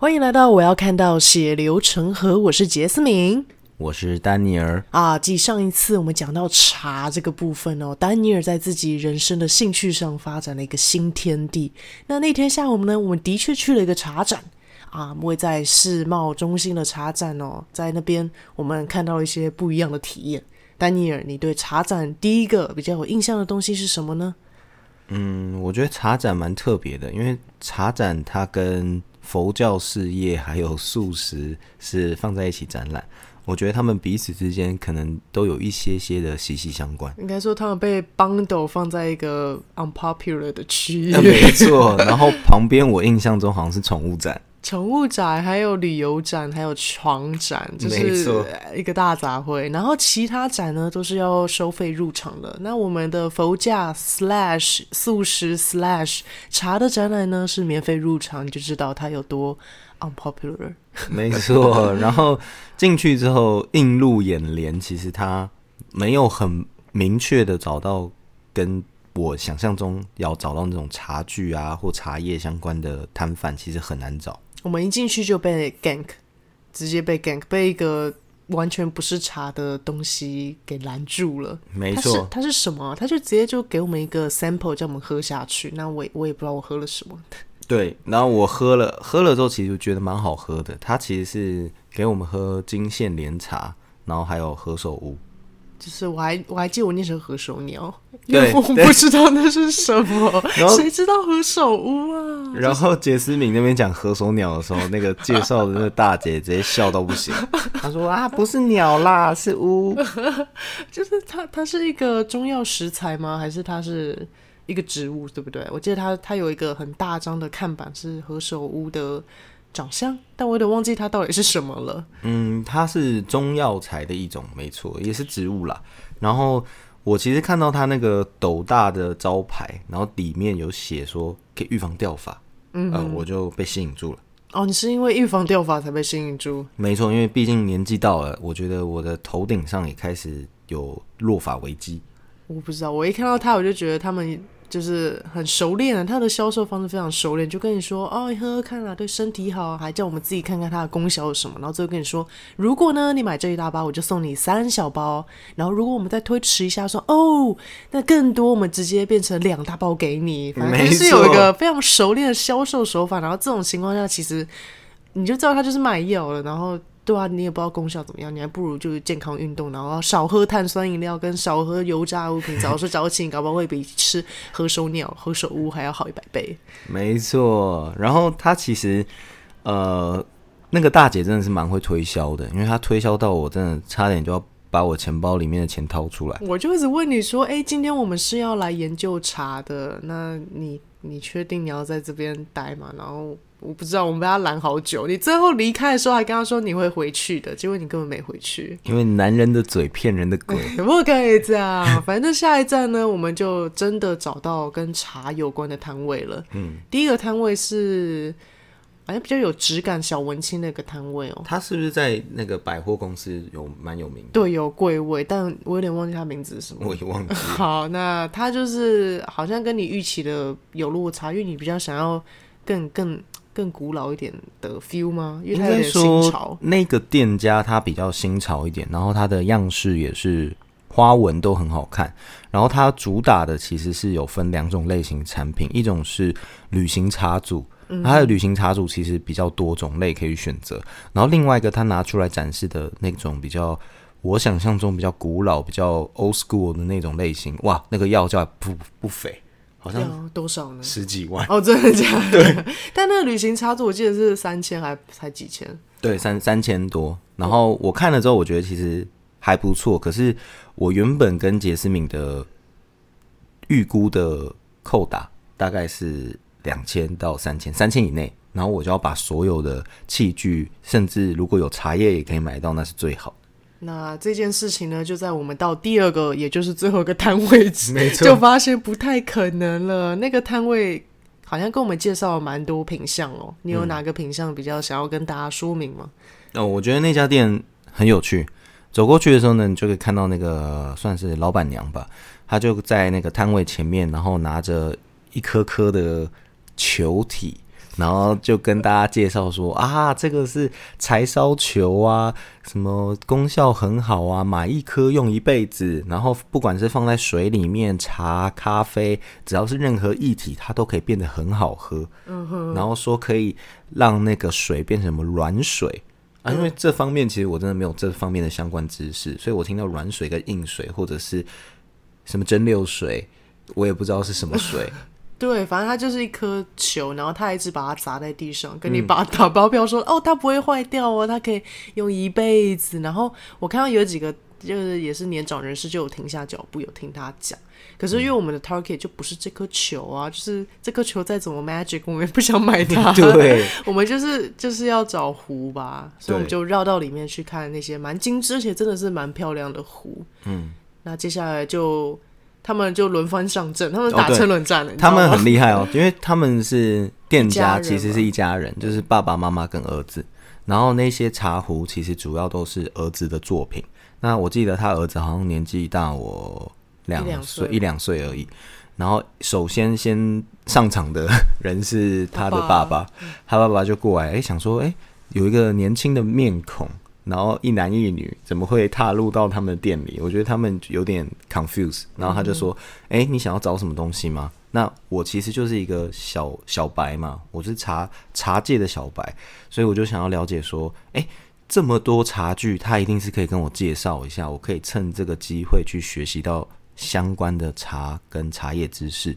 歡迎來到我要看到血流成河。我是傑斯明，我是丹尼爾。啊，繼上一次我們講到茶這個部分哦，丹尼爾在自己人生的興趣上發展了一個新天地。那那天下午呢，我們的確去了一個茶展啊，位在世貿中心的茶展哦，在那邊我們看到了一些不一樣的體驗。丹尼爾，你對茶展第一個比較有印象的東西是什麼呢？嗯，我覺得茶展蠻特別的，因為茶展它跟佛教事業還有素食是放在一起展覽，我覺得他們彼此之間可能都有一些些的息息相關。應該說他們被 bundle 放在一個 unpopular 的區域， 啊，沒錯。然後旁邊我印象中好像是寵物展。寵物展，還有旅遊展，還有床展，就是沒錯，一個大雜燴。然後其他展呢，都是要收費入場的。那我們的佛家/素食/茶的展覽呢，是免費入場，你就知道它有多 unpopular。沒錯，然後進去之後，映入眼簾，其實它沒有很明確的找到跟。我想象中要找到那種茶具啊或茶葉相關的攤販，其實很難找。我們一進去就被 gank，直接被 gank，被一個完全不是茶的東西給攔住了。沒錯，它是，是什麼？他就直接就給我們一個 sample，叫我們喝下去。那我我也不知道我喝了什麼。對，然後我喝了喝了之後，其實就覺得蠻好喝的。他其實是給我們喝金線蓮茶，然後還有何首烏。就是我還我還記得我念成何首鳥，因為我不知道那是什麼，誰知道何首烏啊？然後杰思敏那邊講何首鳥的時候，那個介紹的那個大姐直接笑到不行，她 說啊不是鳥啦，是烏，就是它它是一個中藥食材嗎？還是它是一個植物？對不對？我記得它它有一個很大張的看板是何首烏的。長相，但我有點忘記它到底是什麼了。嗯，它是中藥材的一種，沒錯，也是植物啦。然後我其實看到它那個斗大的招牌，然後裡面有寫說可以預防掉髮，嗯哼、呃，我就被吸引住了。哦，你是因為預防掉髮才被吸引住？沒錯，因為畢竟年紀到了，我覺得我的頭頂上也開始有落髮危機。我不知道，我一看到它，我就覺得他們。就是很熟練啊，他的銷售方式非常熟練，就跟你說哦，一喝喝看啦，啊，對身體好，還叫我們自己看看它的功效有什麼，然後最後跟你說，如果呢你買這一大包，我就送你三小包，然後如果我們再推遲一下，說哦，那更多我們直接變成兩大包給你，反正就是有一個非常熟練的銷售手法，然後這種情況下其實你就知道他就是買藥了，然後。對啊，你也不知道功效怎麼樣，你還不如就是健康運動，然後少喝碳酸飲料跟少喝油炸物品，早睡早起，你搞不好會比吃何首烏何首烏還要好一百倍。沒錯，然後他其實呃那個大姐真的是蠻會推銷的，因為她推銷到我真的差點就要把我錢包裡面的錢掏出來。我就一直問你說，哎，今天我們是要來研究茶的，那你你確定你要在這邊待嗎？然後。我不知道，我們被他攔好久。你最後離開的時候還跟他說你會回去的，結果你根本沒回去。因為男人的嘴騙人的鬼， 可不可以這樣？反正下一站呢，我們就真的找到跟茶有關的攤位了。嗯，第一個攤位是好像比較有質感、小文青那個攤位哦、喔。他是不是在那個百貨公司有蠻有名的？對，有櫃位，但我有點忘記他名字是什麼，我也忘記了。好，那他就是好像跟你預期的有落差，因為你比較想要更、更。更古老一點的 feel 嗎？因為他新潮應該說那個店家它比較新潮一點，然後它的樣式也是花紋都很好看。然後它主打的其實是有分兩種類型產品，一種是旅行茶組，它、嗯、哼的旅行茶組其實比較多種類可以選擇。然後另外一個他拿出來展示的那種比較我想象中比較古老、比較 old school 的那種類型，哇，那個要價不不菲。要好多少呢？十幾萬哦，真的假的？對，但那個旅行插座我記得是三千還才幾千？對，三三千多。然後我看了之後，我覺得其實還不錯。對可是我原本跟杰斯敏的預估的扣打大概是兩千到三千，三千以內。然後我就要把所有的器具，甚至如果有茶葉也可以買到，那是最好。那這件事情呢，就在我們到第二個，也就是最後一個攤位內，沒錯。就發現不太可能了。那個攤位好像跟我們介紹了蠻多品相哦，你有哪個品相比較想要跟大家說明嗎？嗯。哦，我覺得那家店很有趣。走過去的時候呢，你就可以看到那個算是老闆娘吧，她就在那個攤位前面，然後拿着一顆顆的球體。然後就跟大家介紹說啊，這個是柴燒球啊，什麼功效很好啊，買一顆用一輩子。然後不管是放在水裡面、茶、咖啡，只要是任何液體，它都可以變得很好喝。Uh huh. 然後說可以讓那個水變成什麼軟水啊？因為這方面其實我真的沒有這方面的相關知識，所以我聽到軟水跟硬水，或者是什麼蒸餾水，我也不知道是什麼水。Uh huh. 對，反正它就是一顆球，然後他一直把它砸在地上，跟你把打包票說：“嗯、哦，它不會壞掉哦，它可以用一輩子。”然後我看到有幾個就是也是年長人士，就有停下腳步，有聽他講。可是因為我們的 target 就不是這顆球啊，就是這顆球再怎麼 magic，我們也不想買它。對， 我們就是就是要找壺吧，所以我們就繞到裡面去看那些蠻精致而且真的是蠻漂亮的壺。嗯，那接下來就。他們就輪番上陣，他們打車輪戰。哦、對他們很厲害哦， 因為他們是店家，其實是一家人，家人就是爸爸媽媽跟兒子。然後那些茶壺其實主要都是兒子的作品。那我記得他兒子好像年紀大我兩歲，一兩歲而已。然後首先先上場的人是他的爸爸，嗯、他爸爸就過來，哎、欸，想說，哎、欸，有一個年輕的面孔。然後一男一女怎麼會踏入到他們的店裡？我覺得他們有點 confuse。然後他就說：“誒、嗯嗯欸，你想要找什麼東西嗎？那我其實就是一個小小白嘛，我是茶茶界的小白，所以我就想要了解說，誒、欸，這麼多茶具，他一定是可以跟我介紹一下，我可以趁這個機會去學習到相關的茶跟茶葉知識。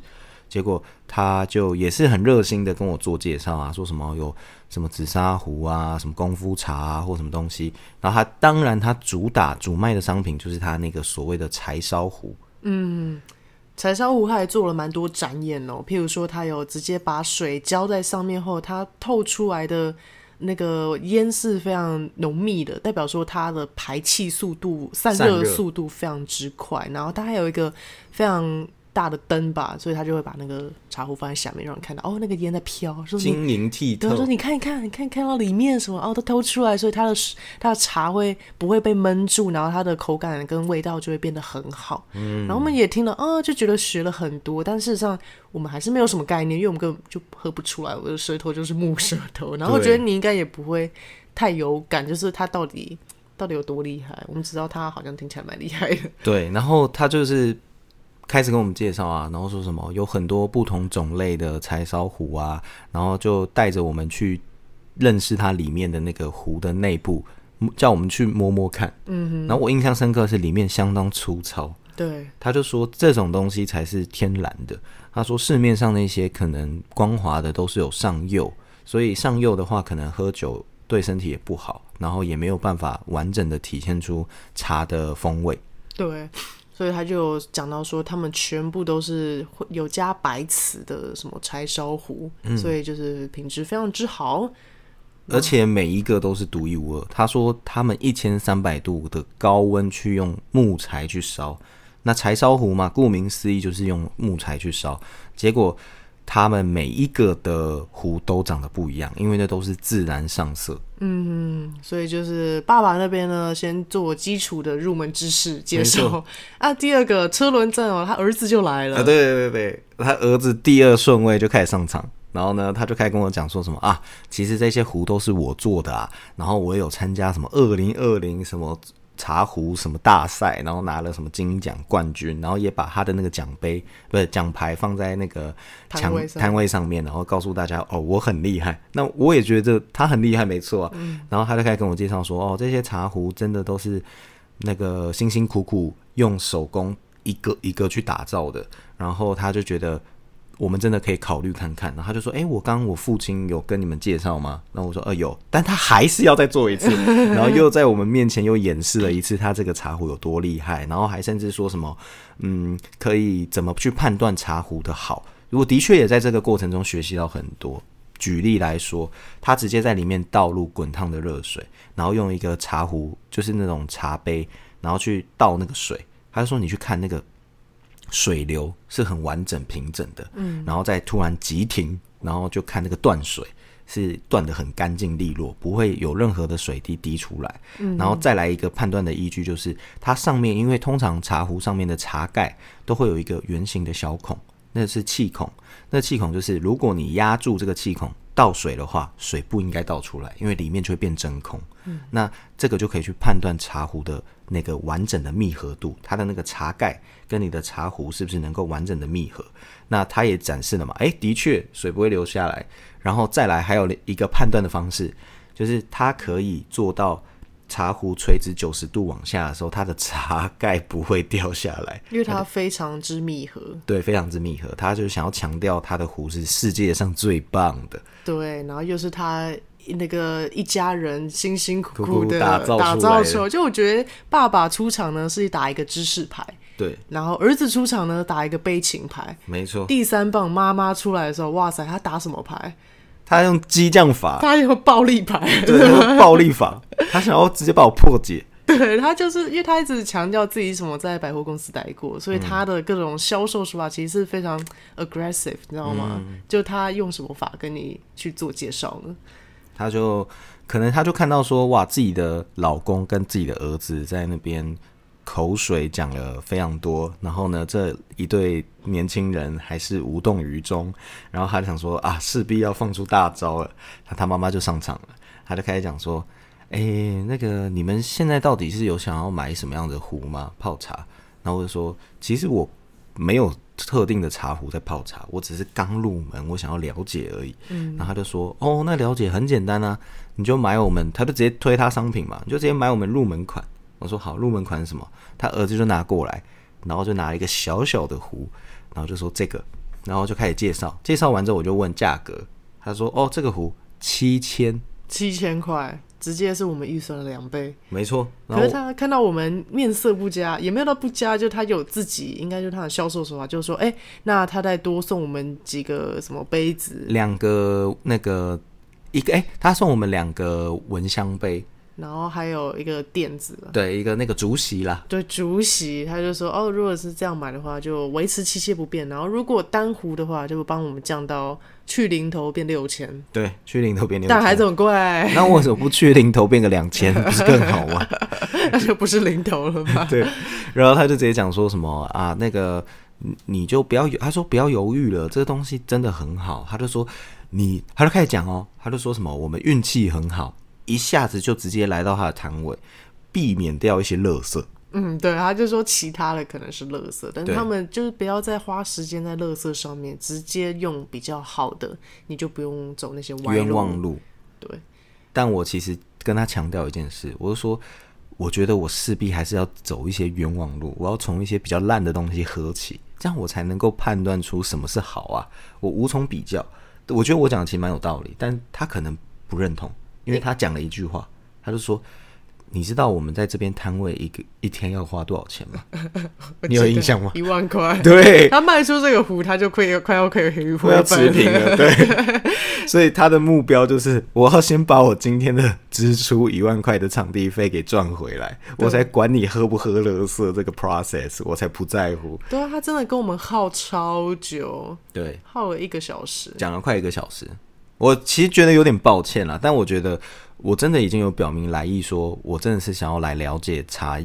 結果他就也是很熱心的跟我做介紹啊，說什麼有。”什麼紫砂壺啊，什麼功夫茶啊，或什麼東西。然後它當然它主打主賣的商品就是它那個所謂的柴燒壺。嗯，柴燒壺它還做了蠻多展演哦，譬如說它有直接把水澆在上面後，它透出來的那個煙是非常濃密的，代表說它的排氣速度、散熱速度非常之快。熱然後它還有一個非常。大的燈吧，所以他就會把那個茶壺放在下面，讓人看到哦，那個煙在飄，說是晶瑩剔透。他說：“就是、你看一看，你看一看到裡面什麼哦，都透出來，所以它的它的茶會不會被悶住？然後它的口感跟味道就會變得很好。”嗯，然後我們也聽了，哦就覺得學了很多，但事實上我們還是沒有什麼概念，因為我們根本就喝不出來，我的舌頭就是木舌頭。然後我覺得你應該也不會太有感，就是它到底到底有多厲害？我們只知道它好像聽起來蠻厲害的。對，然後它就是。開始跟我們介紹啊，然後說什麼有很多不同種類的柴燒壺啊，然後就帶着我們去認識它裡面的那個壺的內部，叫我們去摸摸看。嗯哼，然後我印象深刻是裡面相當粗糙。對，他就說這種東西才是天然的。他說市面上那些可能光滑的都是有上釉，所以上釉的話可能喝酒對身體也不好，然後也沒有辦法完整的體現出茶的風味。對。所以他就有講到說，他們全部都是有加白瓷的什麼柴燒壺，嗯、所以就是品質非常之好，而且每一個都是獨一無二。他說他們一千三百度的高溫去用木材去燒，那柴燒壺嘛，顧名思義就是用木材去燒，結果。他們每一個的壺都長得不一樣，因為那都是自然上色。嗯，所以就是爸爸那邊呢，先做基礎的入門知識，接受啊。第二個車輪戰哦，他兒子就來了。啊，對對對對，他兒子第二順位就開始上場，然後呢，他就開始跟我講說什麼啊，其實這些壺都是我做的啊，然後我有參加什麼二零二零什麼。茶壺什麼大賽，然後拿了什麼金獎冠軍，然後也把他的那個獎杯不是獎牌放在那個牆，攤位上的。攤位上面，然後告訴大家哦，我很厲害。那我也覺得他很厲害，沒錯啊，嗯。啊然後他就開始跟我介紹說，哦，這些茶壺真的都是那個辛辛苦苦用手工一個一個去打造的。然後他就覺得。我們真的可以考慮看看。然後他就說：“誒，我剛剛我父親有跟你們介紹嗎？”然後我說：“呃，有。”但他還是要再做一次，然後又在我們面前又演示了一次他這個茶壺有多厲害。然後還甚至說什麼：“嗯，可以怎麼去判斷茶壺的好？”我的確也在這個過程中學習到很多。舉例來說，他直接在裡面倒入滾燙的熱水，然後用一個茶壺，就是那種茶杯，然後去倒那個水。他就說：“你去看那個。”水流是很完整平整的。嗯，然後再突然急停，然後就看那個斷水是斷得很乾淨利落，不會有任何的水滴滴出來，嗯，然後再來一個判斷的依據就是它上面，因為通常茶壺上面的茶蓋都會有一個圓形的小孔，那是氣孔，那氣孔就是如果你壓住這個氣孔倒水的話，水不應該倒出來，因為裡面就會變真空，嗯，那這個就可以去判斷茶壺的那個完整的密合度，它的那個茶蓋。跟你的茶壺是不是能夠完整的密合？那他也展示了嘛，哎、欸，的確，水不會流下來。然後再來還有一個判斷的方式，就是他可以做到茶壺垂直九十度往下的時候，他的茶蓋不會掉下來，因為它非常之密合。對，非常之密合。他就想要強調他的壺是世界上最棒的。對，然後又是他那個一家人辛辛苦苦的打造出來。就我覺得爸爸出場呢，是打一個知識牌。對，然後兒子出場呢，打一個悲情牌，沒錯。第三棒媽媽出來的時候，哇塞，他打什麼牌？他用激將法，他用暴力牌，對，暴力法， 他想要直接把我破解。對他就是因為他一直強調自己什麼在百貨公司待過，所以他的各種銷售手法其實是非常 aggressive，嗯，你知道嗎？就他用什麼法跟你去做介紹呢？他就可能他就看到說，哇，自己的老公跟自己的兒子在那邊。口水講了非常多，然後呢，這一對年輕人還是無動於衷。然後他就想說啊，勢必要放出大招了，他他媽媽就上場了，他就開始講說，欸，那個你們現在到底是有想要買什麼樣的壺嗎？泡茶？然後我就說，其實我沒有特定的茶壺在泡茶，我只是剛入門，我想要了解而已。嗯，然後他就說，哦，那了解很簡單啊，你就買我們，他就直接推他商品嘛，你就直接買我們入門款。我說好，入門款是什麼？他兒子就拿過來，然後就拿一個小小的壺，然後就說這個，然後就開始介紹。介紹完之後，我就問價格，他說哦，這個壺七千，七千塊，直接是我們預算的兩倍。沒錯。可是他看到我們面色不佳，也沒有到不佳，就他有自己應該就他的銷售手法，就是說，哎，那他再多送我們幾個什麼杯子？兩個那個一個，哎，他送我們兩個蚊香杯。然後還有一個墊子，對，一個那個竹席啦，對竹席，他就說哦，如果是這樣買的話，就維持七千不變。然後如果單壺的話，就會幫我們降到去零頭變六千，對，去零頭變六千，但還這麼貴，那為什麼不去零頭變個兩千，不是更好嗎？ 那就不是零頭了嗎？ 對，然後他就直接講說什麼啊，那個你就不要，他說不要猶豫了，這個東西真的很好。他就說你，他就開始講哦，他就說什麼我們運氣很好。一下子就直接來到他的攤位，避免掉一些垃圾。嗯，對，他就說其他的可能是垃圾，但是他們就是不要再花時間在垃圾上面，對直接用比較好的，你就不用走那些冤枉路。對，但我其實跟他強調一件事，我就說我覺得我勢必還是要走一些冤枉路，我要從一些比較爛的東西喝起，這樣我才能夠判斷出什麼是好啊。我無從比較，我覺得我講的其實蠻有道理，但他可能不認同。因為他講了一句話，他就說：“你知道我們在這邊攤位一個一天要花多少錢嗎？你有印象嗎？一萬塊。1, 對，他賣出這個壺，他就虧，快要虧黑戶，要持平了。 對，所以他的目標就是，我要先把我今天的支出一萬塊的場地費給賺回來，對我才管你喝不喝樂色這個 process，我才不在乎。對啊，他真的跟我們耗超久，對，耗了一個小時，講了快一個小時。”我其實覺得有點抱歉了，啊，但我覺得我真的已經有表明來意說，說我真的是想要來了解茶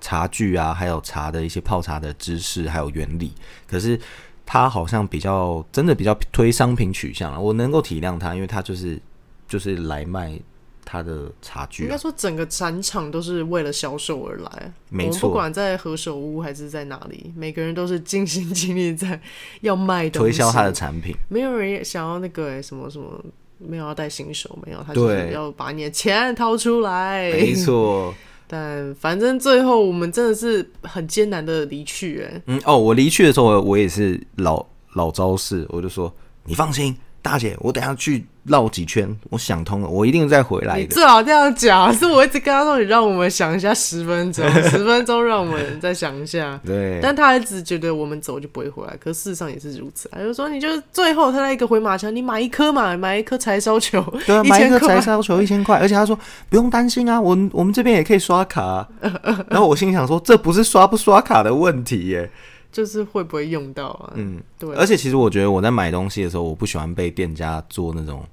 茶具啊，還有茶的一些泡茶的知識還有原理。可是他好像比較真的比較推商品取向了，啊，我能夠體諒他，因為他就是就是來賣。他的差距、啊，應該說整個展場都是為了銷售而來，沒錯錯。我們，不管在何首烏還是在哪裡，每個人都是盡心盡力在要賣、推銷他的產品。沒有人想要那個、欸，什麼什麼，沒有要帶新手，沒有，他就是要把你的錢掏出來，對沒錯錯。但反正最後我們真的是很艱難的離去、欸。哎、嗯，嗯哦，我離去的時候，我也是老老招式，我就說，你放心。大姐，我等下去繞幾圈，我想通了，我一定再回來的。你最好這樣講，是我一直跟他說，你讓我們想一下十分鐘， 十分鐘讓我們再想一下。對，但他還一直覺得我們走就不會回來，可事實上也是如此。他就是、說，你就最後他那一個回馬槍，你買一顆嘛，買一顆柴燒球。對啊，一買一顆柴燒球一千塊，而且他說不用擔心啊，我們我們這邊也可以刷卡、啊。 然後我心想說，這不是刷不刷卡的問題耶、欸。就是會不會用到啊？嗯，對了。而且其實我覺得我在買東西的時候，我不喜歡被店家做那種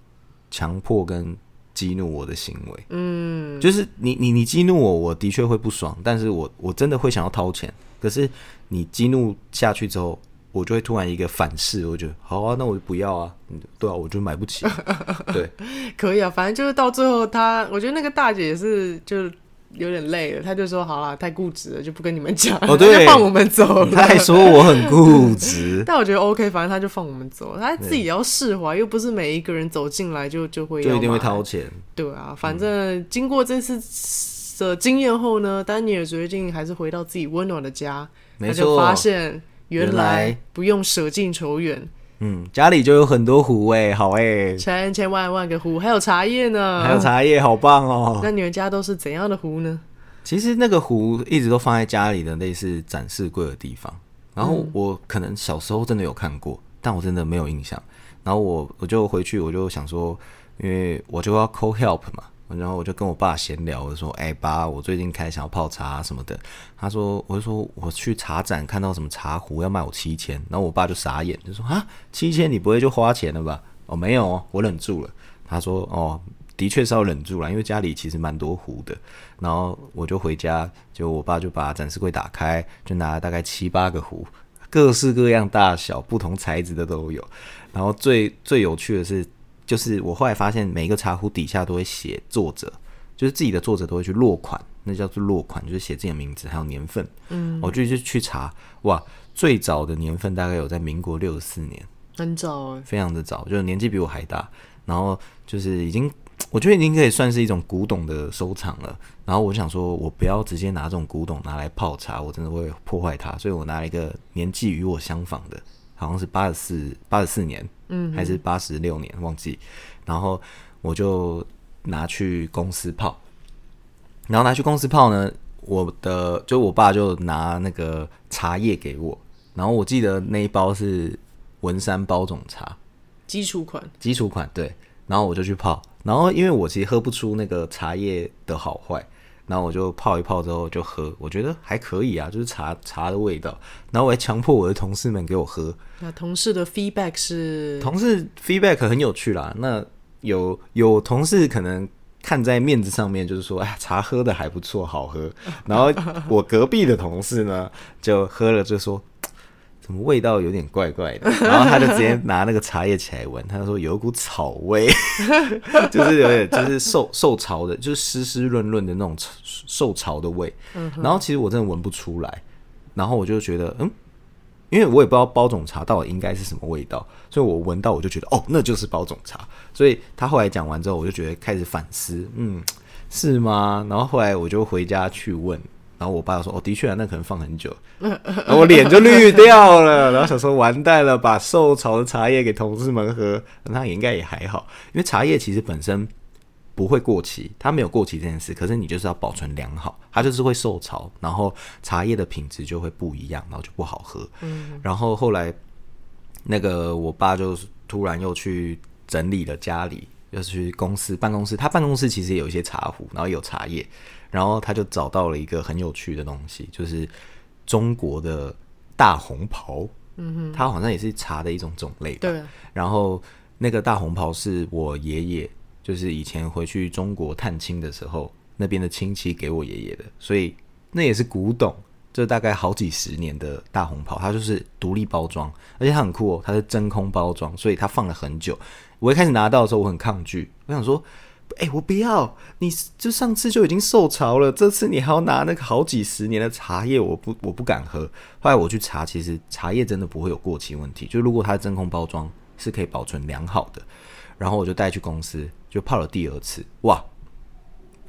強迫跟激怒我的行為。嗯，就是你你你激怒我，我的確會不爽，但是我我真的會想要掏錢。可是你激怒下去之後，我就會突然一個反噬，我覺得好啊，那我就不要啊，對啊，我就買不起。 對，可以啊，反正就是到最後他，他我覺得那個大姐也是就。有點累了，他就說：“好了，太固執了，就不跟你們講。”哦，對 他就放我們走了。他還說我很固執， 但我覺得 OK，反正他就放我們走，他自己要釋懷，對又不是每一個人走進來就就會要就一定會掏錢。對啊，反正經過這次的經驗後呢，嗯、丹尼爾決定還是回到自己溫暖的家，沒錯他就發現原來不用舍近求遠。嗯，家裡就有很多壺哎、欸，好哎、欸，千千萬萬個壺，還有茶葉呢，還有茶葉，好棒哦、喔。那你們家都是怎樣的壺呢？其實那個壺一直都放在家裡的類似展示櫃的地方。然後我可能小時候真的有看過，嗯、但我真的沒有印象。然後我我就回去，我就想說，因為我就要 call help 嘛。然後我就跟我爸閒聊，我就說：“哎、欸、爸，我最近開始泡茶、啊、什麼的。”他說：“我就說我去茶展看到什麼茶壺要賣我七千。”然後我爸就傻眼，就說：“啊，七千你不會就花錢了吧？”哦，沒有，我忍住了。他說：“哦，的確是要忍住了，因為家裡其實蠻多壺的。”然後我就回家，就我爸就把展示櫃打開，就拿了大概七八個壺，各式各樣、大小、不同材質的都有。然後最最有趣的是。就是我後來發現，每一個茶壺底下都會寫作者，就是自己的作者都會去落款，那叫做落款，就是寫自己的名字還有年份。嗯，我就去去查，哇，最早的年份大概有在民國六十四年，很早欸，非常的早，就是年紀比我還大。然後就是已經，我覺得已經可以算是一種古董的收藏了。然後我想說，我不要直接拿這種古董拿來泡茶，我真的會破壞它，所以我拿了一個年紀與我相仿的。好像是八十四八十四年，嗯哼，還是八十六年，忘記。然後我就拿去公司泡，然後拿去公司泡呢，我的就我爸就拿那個茶葉給我，然後我記得那一包是文山包種茶，基礎款，基礎款對。然後我就去泡，然後因為我其實喝不出那個茶葉的好壞。然後我就泡一泡之後就喝，我覺得還可以啊，就是茶茶的味道。然後我還強迫我的同事們給我喝。那、啊、同事的 feedback 是？同事 feedback 很有趣啦。那有有同事可能看在面子上面，就是說，哎，茶喝得還不錯，好喝。然後我隔壁的同事呢， 就喝了就說。味道有點怪怪的，然後他就直接拿那個茶葉起來聞， 他就說有一股草味， 就是有點就是受受潮的，就是濕濕潤潤的那種受潮的味。然後其實我真的聞不出來，然後我就覺得嗯，因為我也不知道包種茶到底應該是什麼味道，所以我聞到我就覺得哦，那就是包種茶。所以他後來講完之後，我就覺得開始反思，嗯，是嗎？然後後來我就回家去問。然後我爸說：“哦，的確啊，那可能放很久。”然後我臉就綠掉了。 然後想說：“完蛋了，把受潮的茶葉給同事們喝，那也應該也還好，因為茶葉其實本身不會過期，它沒有過期這件事。可是你就是要保存良好，它就是會受潮，然後茶葉的品質就會不一樣，然後就不好喝。”嗯。然後後來那個我爸就突然又去整理了家裡，又、就是、去公司辦公室。他辦公室其實也有一些茶壺，然後有茶葉。然後他就找到了一個很有趣的東西，就是中國的大紅袍，嗯哼，它好像也是茶的一種種類。對了。然後那個大紅袍是我爺爺，就是以前回去中國探親的時候，那邊的親戚給我爺爺的，所以那也是古董，這大概好幾十年的大紅袍，它就是獨立包裝，而且它很酷哦，它是真空包裝，所以它放了很久。我一開始拿到的時候，我很抗拒，我想說。哎、欸，我不要！你就上次就已經受潮了，這次你還要拿那個好幾十年的茶葉，我不，我不敢喝。後來我去查，其實茶葉真的不會有過期問題，就如果它的真空包裝是可以保存良好的。然後我就帶去公司，就泡了第二次，哇，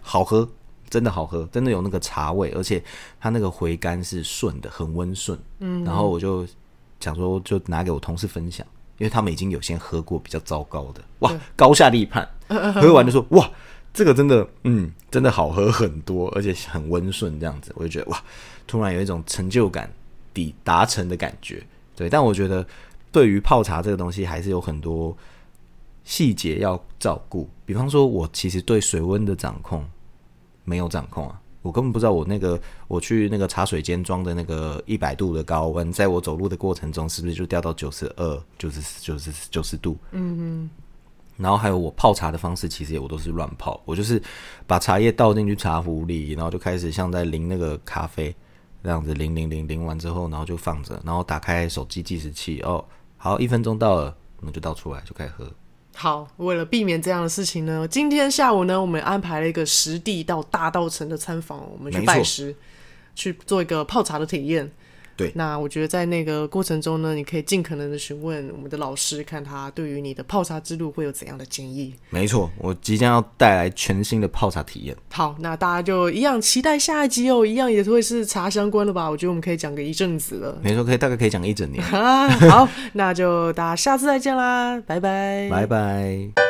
好喝，真的好喝，真的有那個茶味，而且它那個回甘是順的，很溫順。嗯，然後我就想說，就拿給我同事分享，因為他們已經有先喝過比較糟糕的，哇，高下立判。喝完就說哇，這個真的，嗯，真的好喝很多，而且很溫順這樣子，我就覺得哇，突然有一種成就感，抵達成的感覺。對，但我覺得對於泡茶這個東西，還是有很多細節要照顧。比方說，我其實對水溫的掌控沒有掌控啊，我根本不知道我那個我去那個茶水間裝的那個一百度的高溫，在我走路的過程中是不是就掉到九十二、九十、九十、九十度？嗯。然後還有我泡茶的方式，其實也，我都是亂泡。我就是把茶葉倒進去茶壺裡，然後就開始像在淋那個咖啡這樣子淋淋淋，淋完之後，然後就放着，然後打開手機計時器。哦，好，一分鐘到了，我們就倒出來，就開始喝。好，為了避免這樣的事情呢，今天下午呢，我們安排了一個實地到大稻埕的參訪，我們去拜師，沒錯。去做一個泡茶的體驗。對，那我覺得在那個過程中呢，你可以盡可能的詢問我們的老師，看他對於你的泡茶之路會有怎樣的建議。沒錯，我即將要帶來全新的泡茶體驗。好，那大家就一樣期待下一集哦，一樣也是會是茶相關的吧？我覺得我們可以講個一陣子了。沒錯，可以大概可以講一整年。啊、好， 那就大家下次再見啦，拜拜，拜拜。